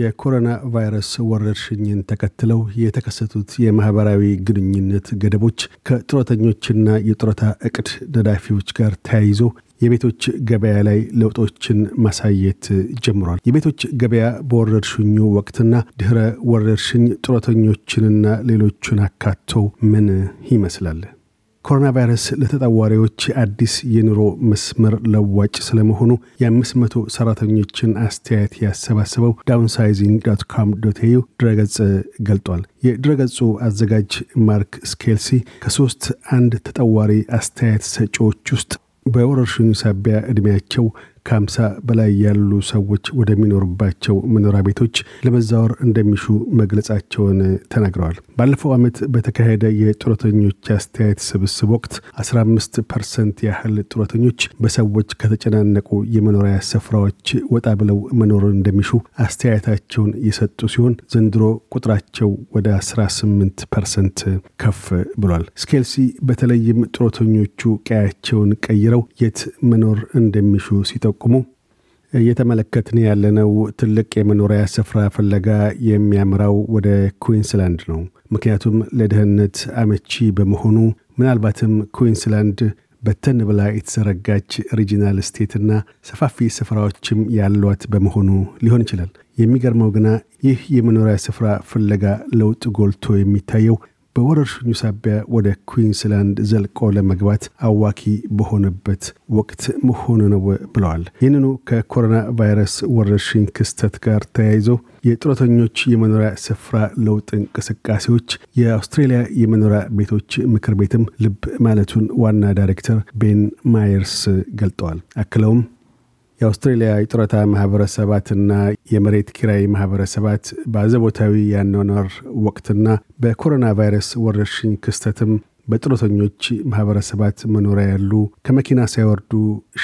የኮሮና ቫይረስ ወረርሽኝን ተከትለው የተከሰቱት የማህበራዊ ግንኙነት ገደቦች ከጡረተኞችና የጡረታ እቅድ ነዳፊዎች ጋር ተያይዞ የቤቶች ገበያ ላይ ለውጦችን ማሳየት ጀምሯል። የቤቶች ገበያ በወረርሽኙ ወቅትና ድህረ ወረርሽኝ ጡረተኞችንና ሌሎቹን አካቶ ምን ይመስላል? ኮሮና ቫይረስ ለተጠዋሪዎች አዲስ የኑሮ መስመር ለዋጭ ስለመሆኑ የ500 ሰራተኞችን አስተያየት ያሰባሰበው ዳውንሳይዚንግ ዶት ኮም ዶት ኤዩ ድረገጽ ገልጧል። የድረገጹ አዘጋጅ ማርክ ስኬልሲ ከሶስት አንድ ተጠዋሪ አስተያየት ሰጪዎች ውስጥ በወረርሽኙ ሳቢያ ዕድሜያቸው ከአምሳ በላይ ያሉ ሰዎች ወደሚኖሩባቸው መኖሪያ ቤቶች ለመዛወር እንደሚሹ መግለጻቸውን ተናግረዋል። ባለፈው ዓመት በተካሄደ የጡረተኞች አስተያየት ስብስብ ወቅት 15 ፐርሰንት ያህል ጡረተኞች በሰዎች ከተጨናነቁ የመኖሪያ ስፍራዎች ወጣ ብለው መኖር እንደሚሹ አስተያየታቸውን የሰጡ ሲሆን ዘንድሮ ቁጥራቸው ወደ 18 ፐርሰንት ከፍ ብሏል። ስኬልሲ በተለይም ጡረተኞቹ ቀያቸውን ቀይረው የት መኖር እንደሚሹ ሲጠቁ እንደሚጠቁሙ እየተመለከትን ያለነው ትልቅ የመኖሪያ ስፍራ ፍለጋ የሚያምራው ወደ ኩዊንስላንድ ነው። ምክንያቱም ለደህንነት አመቺ በመሆኑ ምናልባትም ኩዊንስላንድ በተን ብላ የተዘረጋች ሪጂናል ስቴትና ሰፋፊ ስፍራዎችም ያሏት በመሆኑ ሊሆን ይችላል። የሚገርመው ግና ይህ የመኖሪያ ስፍራ ፍለጋ ለውጥ ጎልቶ የሚታየው በወረርሽኙ ሳቢያ ወደ ኩዊንስላንድ ዘልቆ ለመግባት አዋኪ በሆነበት ወቅት መሆኑ ነው ብለዋል። ይህንኑ ከኮሮና ቫይረስ ወረርሽኝ ክስተት ጋር ተያይዞ የጡረተኞች የመኖሪያ ስፍራ ለውጥ እንቅስቃሴዎች የአውስትሬሊያ የመኖሪያ ቤቶች ምክር ቤትም ልብ ማለቱን ዋና ዳይሬክተር ቤን ማየርስ ገልጠዋል። አክለውም የአውስትሬልያ የጡረታ ማህበረሰባትና የመሬት ኪራይ ማህበረሰባት በአዘቦታዊ የአኗኗር ወቅትና በኮሮና ቫይረስ ወረርሽኝ ክስተትም በጡረተኞች ማህበረሰባት መኖሪያ ያሉ ከመኪና ሳይወርዱ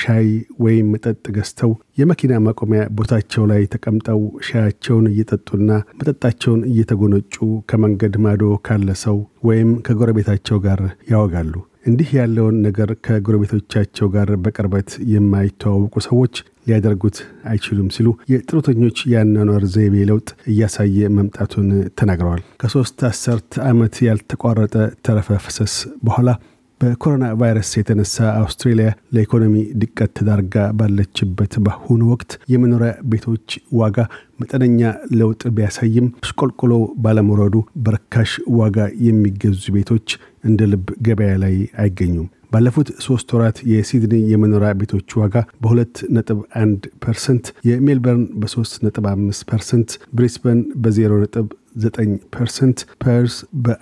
ሻይ ወይም መጠጥ ገዝተው የመኪና ማቆሚያ ቦታቸው ላይ ተቀምጠው ሻያቸውን እየጠጡና መጠጣቸውን እየተጎነጩ ከመንገድ ማዶ ካለ ሰው ወይም ከጎረቤታቸው ጋር ያወጋሉ። እንዲህ ያለውን ነገር ከጎረቤቶቻቸው ጋር በቅርበት የማይተዋወቁ ሰዎች ሊያደርጉት አይችሉም ሲሉ የጥሩተኞች የአኗኗር ዘይቤ ለውጥ እያሳየ መምጣቱን ተናግረዋል። ከሶስት አሰርት ዓመት ያልተቋረጠ ተረፈ ፍሰስ በኋላ በኮሮና ቫይረስ የተነሳ አውስትሬልያ ለኢኮኖሚ ድቀት ተዳርጋ ባለችበት በአሁኑ ወቅት የመኖሪያ ቤቶች ዋጋ መጠነኛ ለውጥ ቢያሳይም ስቆልቆሎ ባለመውረዱ በርካሽ ዋጋ የሚገዙ ቤቶች እንደ ልብ ገበያ ላይ አይገኙም ባለፉት ሶስት ወራት የሲድኒ የመኖሪያ ቤቶች ዋጋ በ2 ነጥብ 1 ፐርሰንት የሜልበርን በ 35 ነጥብ 5 ፐርሰንት ብሪስበን በ0 ፐርሰንት ፐርስ በ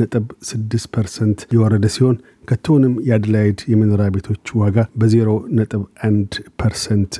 ነጥብ 6 ፐርሰንት የወረደ ሲሆን ከቶንም የአድላይድ የመኖሪያ ቤቶች ዋጋ በዜሮ ነጥብ 1 ፐርሰንት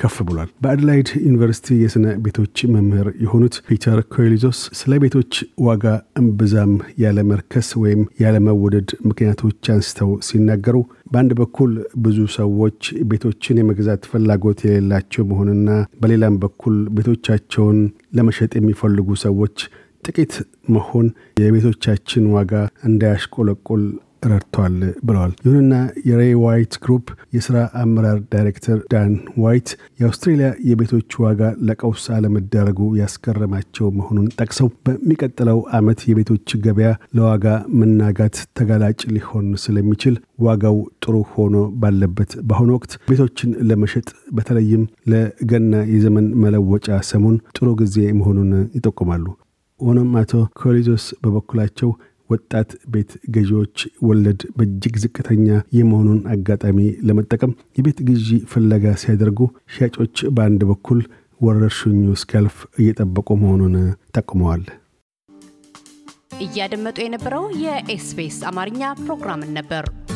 ከፍ ብሏል። በአድላይድ ዩኒቨርሲቲ የሥነ ቤቶች መምህር የሆኑት ፒተር ኮይሊዞስ ስለ ቤቶች ዋጋ እምብዛም ያለመርከስ ወይም ያለመወደድ ምክንያቶች አንስተው ሲናገሩ በአንድ በኩል ብዙ ሰዎች ቤቶችን የመግዛት ፍላጎት የሌላቸው መሆንና በሌላም በኩል ቤቶቻቸውን ለመሸጥ የሚፈልጉ ሰዎች ጥቂት መሆን የቤቶቻችን ዋጋ እንዳያሽቆለቆል ረድቷል ብለዋል። ይሁንና የሬ ዋይት ግሩፕ የስራ አመራር ዳይሬክተር ዳን ዋይት የአውስትሬሊያ የቤቶች ዋጋ ለቀውስ አለመዳረጉ ያስገረማቸው መሆኑን ጠቅሰው በሚቀጥለው ዓመት የቤቶች ገበያ ለዋጋ መናጋት ተጋላጭ ሊሆን ስለሚችል ዋጋው ጥሩ ሆኖ ባለበት በአሁኑ ወቅት ቤቶችን ለመሸጥ በተለይም ለገና የዘመን መለወጫ ሰሞን ጥሩ ጊዜ መሆኑን ይጠቁማሉ። ሆኖም አቶ ኮሪዞስ በበኩላቸው ወጣት ቤት ገዢዎች ወለድ በእጅግ ዝቅተኛ የመሆኑን አጋጣሚ ለመጠቀም የቤት ግዢ ፍለጋ ሲያደርጉ ሻጮች በአንድ በኩል ወረርሽኙ እስኪያልፍ እየጠበቁ መሆኑን ጠቁመዋል። እያደመጡ የነበረው የኤስፔስ አማርኛ ፕሮግራምን ነበር።